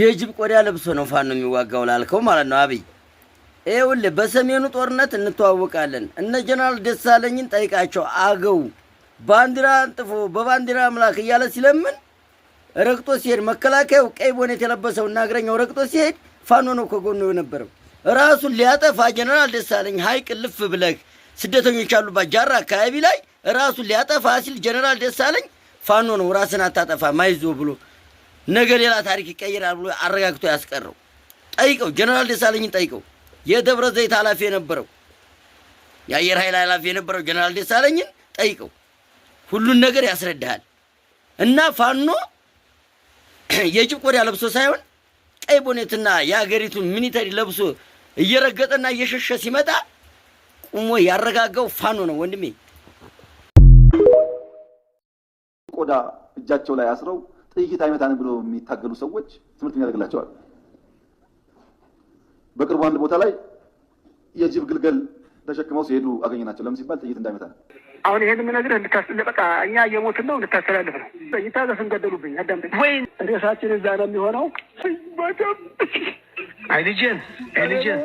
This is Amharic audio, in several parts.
የጅብ ቆዳ ለብሶ ነው ፋኖ የሚዋጋው ላልከው ማለት ነው አብይ ይኸውልህ በሰሜኑ ጦርነት እንተዋወቃለን። እነ ጀነራል ደሳለኝን ጠይቃቸው። አገው ባንዲራ አንጥፎ በባንዲራ አምላክ እያለ ሲለምን ረግጦ ሲሄድ መከላከያው ቀይ ቦኔት የለበሰውና እግረኛው ረግጦ ሲሄድ ፋኖ ነው ከጎኑ የነበረው። ራሱን ሊያጠፋ ጀነራል ደሳለኝ ሀይቅ ልፍ ብለህ ስደተኞች ያሉባት ጃራ አካባቢ ላይ ራሱን ሊያጠፋ ሲል ጀነራል ደሳለኝ ፋኖ ነው ራስን አታጠፋ ማይዞ ብሎ ነገ ሌላ ታሪክ ይቀይራል ብሎ አረጋግቶ ያስቀረው ጠይቀው፣ ጀነራል ደሳለኝን ጠይቀው። የደብረ ዘይት ኃላፊ የነበረው የአየር ኃይል ኃላፊ የነበረው ጀነራል ደሳለኝን ጠይቀው፣ ሁሉን ነገር ያስረዳሃል። እና ፋኖ የጭብ ቆዳ ለብሶ ሳይሆን ቀይ ቦኔትና የሀገሪቱን ሚኒተሪ ለብሶ እየረገጠና እየሸሸ ሲመጣ ቁሞ ያረጋጋው ፋኖ ነው ወንድሜ። ቆዳ እጃቸው ላይ አስረው ጥይት አይመታን ብሎ የሚታገሉ ሰዎች ትምህርት የሚያደርግላቸዋል። በቅርቡ አንድ ቦታ ላይ የጅብ ግልገል ተሸክመው ሲሄዱ አገኘናቸው። ለምን ሲባል ጥይት እንዳይመታ ነው። አሁን ይሄን የምነግርህ በቃ እኛ እየሞትን ነው፣ እንድታስተላልፍ ነው። ይታዘስ እንገደሉብኝ። አዳምጠኝ ወይ ሬሳችን እዛ ነው የሚሆነው በደንብ አይልጅን አይልጅን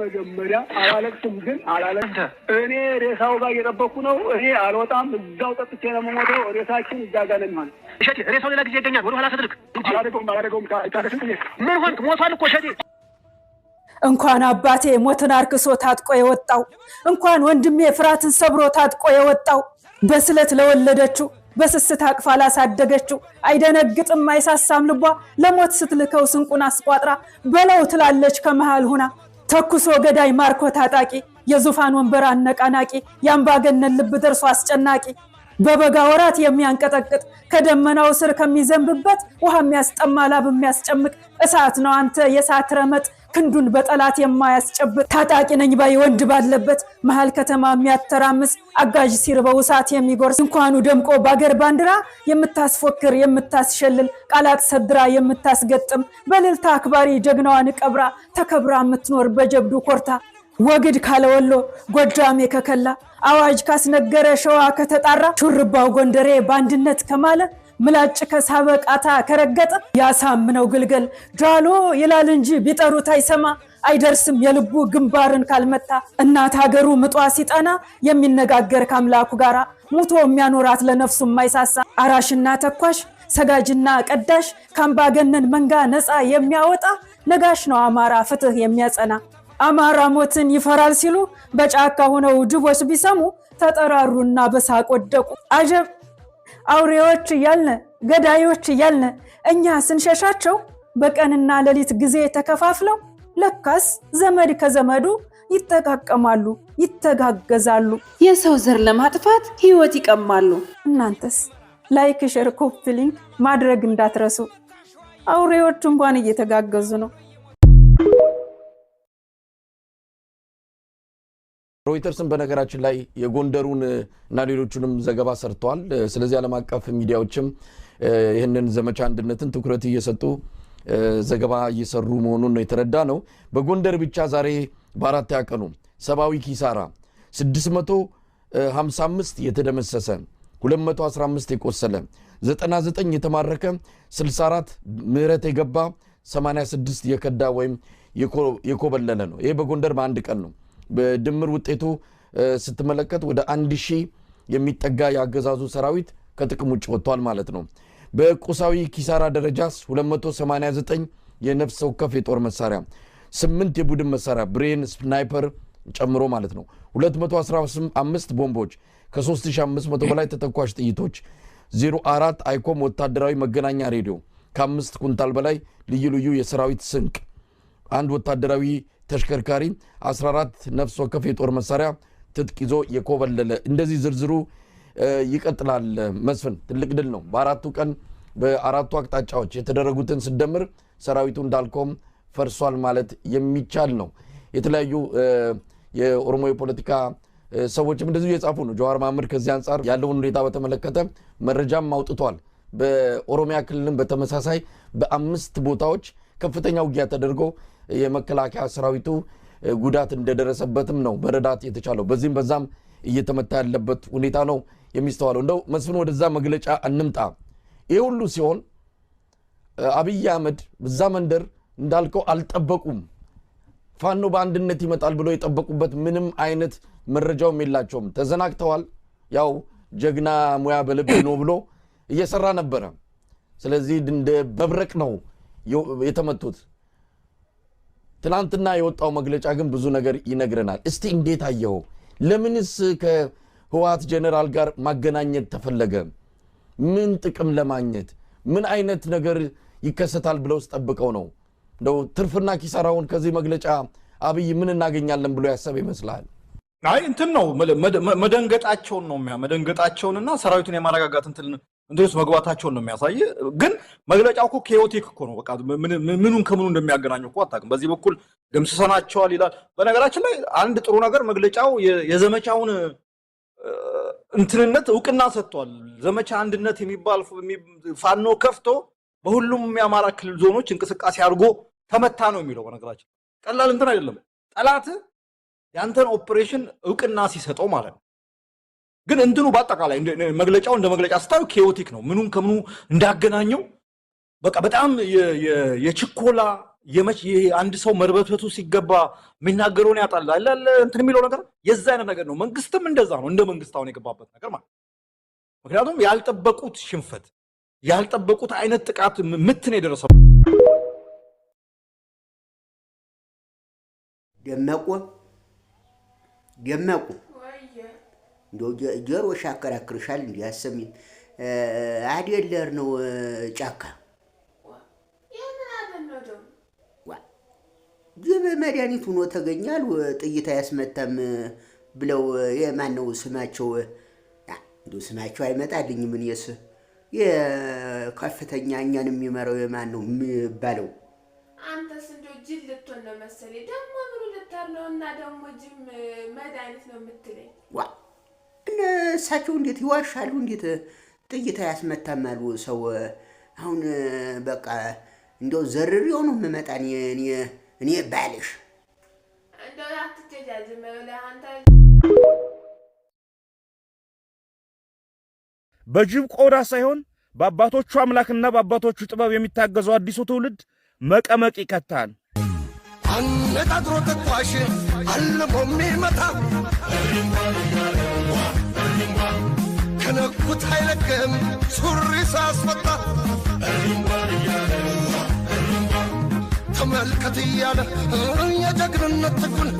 መጀመሪያ አላለቅስም፣ ግን አላለቅስ እኔ ሬሳው ጋር እየጠበኩ ነው። እኔ አልወጣም፣ እዛው ጠጥቼ ነው የምሞተው። ሬሳችን እዛ ጋር ነኝ ማለት እሸቴ። ሬሳው ሌላ ጊዜ ይገኛል። ወደ ኋላ ተድርግ። ምን ሆንክ? ሞቷል እኮ እሸቴ። እንኳን አባቴ ሞትን አርክሶ ታጥቆ የወጣው እንኳን ወንድሜ ፍርሃትን ሰብሮ ታጥቆ የወጣው በስለት ለወለደችው በስስት አቅፋ ላሳደገችው አይደነግጥም አይሳሳም ልቧ ለሞት ስትልከው ስንቁን አስቋጥራ በለው ትላለች ከመሃል ሁና ተኩሶ ገዳይ ማርኮ ታጣቂ የዙፋን ወንበር አነቃናቂ የአምባገነን ልብ ደርሶ አስጨናቂ በበጋ ወራት የሚያንቀጠቅጥ ከደመናው ስር ከሚዘንብበት ውሃ የሚያስጠማ ላብ የሚያስጨምቅ እሳት ነው አንተ የእሳት ረመጥ ክንዱን በጠላት የማያስጨብጥ ታጣቂ ነኝ ባይ ወንድ ባለበት መሀል ከተማ የሚያተራምስ አጋዥ ሲርበው እሳት የሚጎርስ እንኳኑ ደምቆ በአገር ባንዲራ የምታስፎክር የምታስሸልል ቃላት ሰድራ የምታስገጥም በልልታ አክባሪ ጀግናዋን ቀብራ ተከብራ የምትኖር በጀብዱ ኮርታ ወግድ ካለወሎ ጎጃሜ ከከላ አዋጅ ካስነገረ ሸዋ ከተጣራ ሹርባው ጎንደሬ በአንድነት ከማለ ምላጭ ከሳበቃታ ከረገጠ ያሳምነው ግልገል ጃሎ ይላል እንጂ ቢጠሩት አይሰማ አይደርስም የልቡ ግንባርን ካልመታ እናት ሀገሩ ምጧ ሲጠና የሚነጋገር ከአምላኩ ጋር ሙቶ የሚያኖራት ለነፍሱ የማይሳሳ አራሽና ተኳሽ ሰጋጅና ቀዳሽ ከአምባገነን መንጋ ነፃ የሚያወጣ ነጋሽ ነው አማራ ፍትህ የሚያጸና። አማራ ሞትን ይፈራል ሲሉ በጫካ ሆነው ጅቦች ቢሰሙ ተጠራሩና በሳቅ ወደቁ። አጀብ አውሬዎች እያልን ገዳዮች እያልን እኛ ስንሸሻቸው በቀንና ሌሊት ጊዜ ተከፋፍለው ለካስ ዘመድ ከዘመዱ ይጠቃቀማሉ፣ ይተጋገዛሉ። የሰው ዘር ለማጥፋት ህይወት ይቀማሉ። እናንተስ ላይክ፣ ሸር፣ ኮፒ ሊንክ ማድረግ እንዳትረሱ። አውሬዎች እንኳን እየተጋገዙ ነው። ሮይተርስን በነገራችን ላይ የጎንደሩን እና ሌሎቹንም ዘገባ ሰርተዋል። ስለዚህ ዓለም አቀፍ ሚዲያዎችም ይህንን ዘመቻ አንድነትን ትኩረት እየሰጡ ዘገባ እየሰሩ መሆኑን ነው የተረዳ ነው። በጎንደር ብቻ ዛሬ በአራት ያቀኑ ሰብአዊ ኪሳራ 655 የተደመሰሰ 215 የቆሰለ 99 የተማረከ 64 ምህረት የገባ 86 የከዳ ወይም የኮበለለ ነው። ይሄ በጎንደር በአንድ ቀን ነው። በድምር ውጤቱ ስትመለከት ወደ አንድ ሺህ የሚጠጋ የአገዛዙ ሰራዊት ከጥቅም ውጭ ወጥቷል ማለት ነው። በቁሳዊ ኪሳራ ደረጃስ 289 የነፍስ ወከፍ የጦር መሳሪያ፣ 8 የቡድን መሳሪያ ብሬን ስናይፐር ጨምሮ ማለት ነው 215 ቦምቦች፣ ከ3500 በላይ ተተኳሽ ጥይቶች፣ 04 አይኮም ወታደራዊ መገናኛ ሬዲዮ፣ ከአምስት ኩንታል በላይ ልዩ ልዩ የሰራዊት ስንቅ፣ አንድ ወታደራዊ ተሽከርካሪ፣ 14 ነፍስ ወከፍ የጦር መሳሪያ ትጥቅ ይዞ የኮበለለ እንደዚህ ዝርዝሩ ይቀጥላል። መስፍን ትልቅ ድል ነው። በአራቱ ቀን በአራቱ አቅጣጫዎች የተደረጉትን ስደምር ሰራዊቱ እንዳልከውም ፈርሷል ማለት የሚቻል ነው። የተለያዩ የኦሮሞ የፖለቲካ ሰዎችም እንደዚሁ እየጻፉ ነው። ጀዋር መሐመድ ከዚህ አንጻር ያለውን ሁኔታ በተመለከተ መረጃም አውጥቷል። በኦሮሚያ ክልልም በተመሳሳይ በአምስት ቦታዎች ከፍተኛ ውጊያ ተደርጎ የመከላከያ ሰራዊቱ ጉዳት እንደደረሰበትም ነው መረዳት የተቻለው። በዚህም በዛም እየተመታ ያለበት ሁኔታ ነው የሚስተዋለው። እንደው መስፍን ወደዛ መግለጫ እንምጣ። ይህ ሁሉ ሲሆን አብይ አህመድ በዛ መንደር እንዳልከው አልጠበቁም። ፋኖ በአንድነት ይመጣል ብሎ የጠበቁበት ምንም አይነት መረጃውም የላቸውም። ተዘናግተዋል። ያው ጀግና ሙያ በልብ ነው ብሎ እየሰራ ነበረ። ስለዚህ እንደ መብረቅ ነው የተመቱት። ትናንትና የወጣው መግለጫ ግን ብዙ ነገር ይነግረናል። እስቲ እንዴት አየው? ለምንስ ከህወሓት ጀኔራል ጋር ማገናኘት ተፈለገ? ምን ጥቅም ለማግኘት? ምን አይነት ነገር ይከሰታል ብለውስ ጠብቀው ነው? እንደው ትርፍና ኪሳራውን ከዚህ መግለጫ አብይ ምን እናገኛለን ብሎ ያሰበ ይመስላል? አይ እንትን ነው መደንገጣቸውን ነው መደንገጣቸውንና ሰራዊቱን የማረጋጋት እንትን እንትን ውስጥ መግባታቸውን ነው የሚያሳይ። ግን መግለጫው እኮ ኬዮቲክ እኮ ነው። በቃ ምኑን ከምኑ እንደሚያገናኙ እኮ አታውቅም። በዚህ በኩል ደምስሰናቸዋል ይላል። በነገራችን ላይ አንድ ጥሩ ነገር መግለጫው የዘመቻውን እንትንነት እውቅና ሰጥቷል። ዘመቻ አንድነት የሚባል ፋኖ ከፍቶ በሁሉም የአማራ ክልል ዞኖች እንቅስቃሴ አድርጎ ተመታ ነው የሚለው። በነገራችን ቀላል እንትን አይደለም። ጠላት ያንተን ኦፕሬሽን እውቅና ሲሰጠው ማለት ነው። ግን እንትኑ በአጠቃላይ መግለጫው እንደ መግለጫ ስታዩ ኬዮቲክ ነው። ምኑን ከምኑ እንዳገናኘው በቃ በጣም የችኮላ አንድ ሰው መርበትበቱ ሲገባ የሚናገረውን ያጣል አለ እንትን የሚለው ነገር የዛ አይነት ነገር ነው። መንግስትም እንደዛ ነው። እንደ መንግስት አሁን የገባበት ነገር ማለት ምክንያቱም ያልጠበቁት ሽንፈት ያልጠበቁት አይነት ጥቃት ምትን የደረሰው ደመቁ ደመቁ እንደው ጆሮሽ አከራክርሻል እንዲ አሰሚም አዴለር ነው ጫካ ይህ በመድኃኒት ሆኖ ተገኛል። ጥይት አያስመታም ብለው የማነው ስማቸው እንዲ ስማቸው አይመጣልኝ ምን እኔስ የከፍተኛ እኛን የሚመራው የማን ነው የሚባለው? አንተስ እንደ ጅል ልትሆን ነው መሰለኝ። ደግሞ ምኑ ልታር ነው እና ደግሞ ጅም መድኃኒት ነው የምትለኝ እነ እሳቸው እንዴት ይዋሻሉ? እንዴት ጥይት ያስመታማሉ? ሰው አሁን በቃ እንደው ዘርር የሆኑ መመጣን እኔ ባልሽ በጅብ ቆዳ ሳይሆን በአባቶቹ አምላክና በአባቶቹ ጥበብ የሚታገዘው አዲሱ ትውልድ መቀመቅ ይከታል። አነጣጥሮ ተኳሽ አልቦ የሚመታ ከነኩት አይለቅም ሱሪ ሳስፈታ ተመልከት እያለ የጀግንነት ትጉን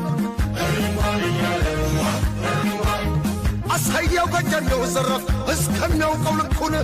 አሳየው ገጀለው ዘረፍ እስከሚያውቀው ልኩን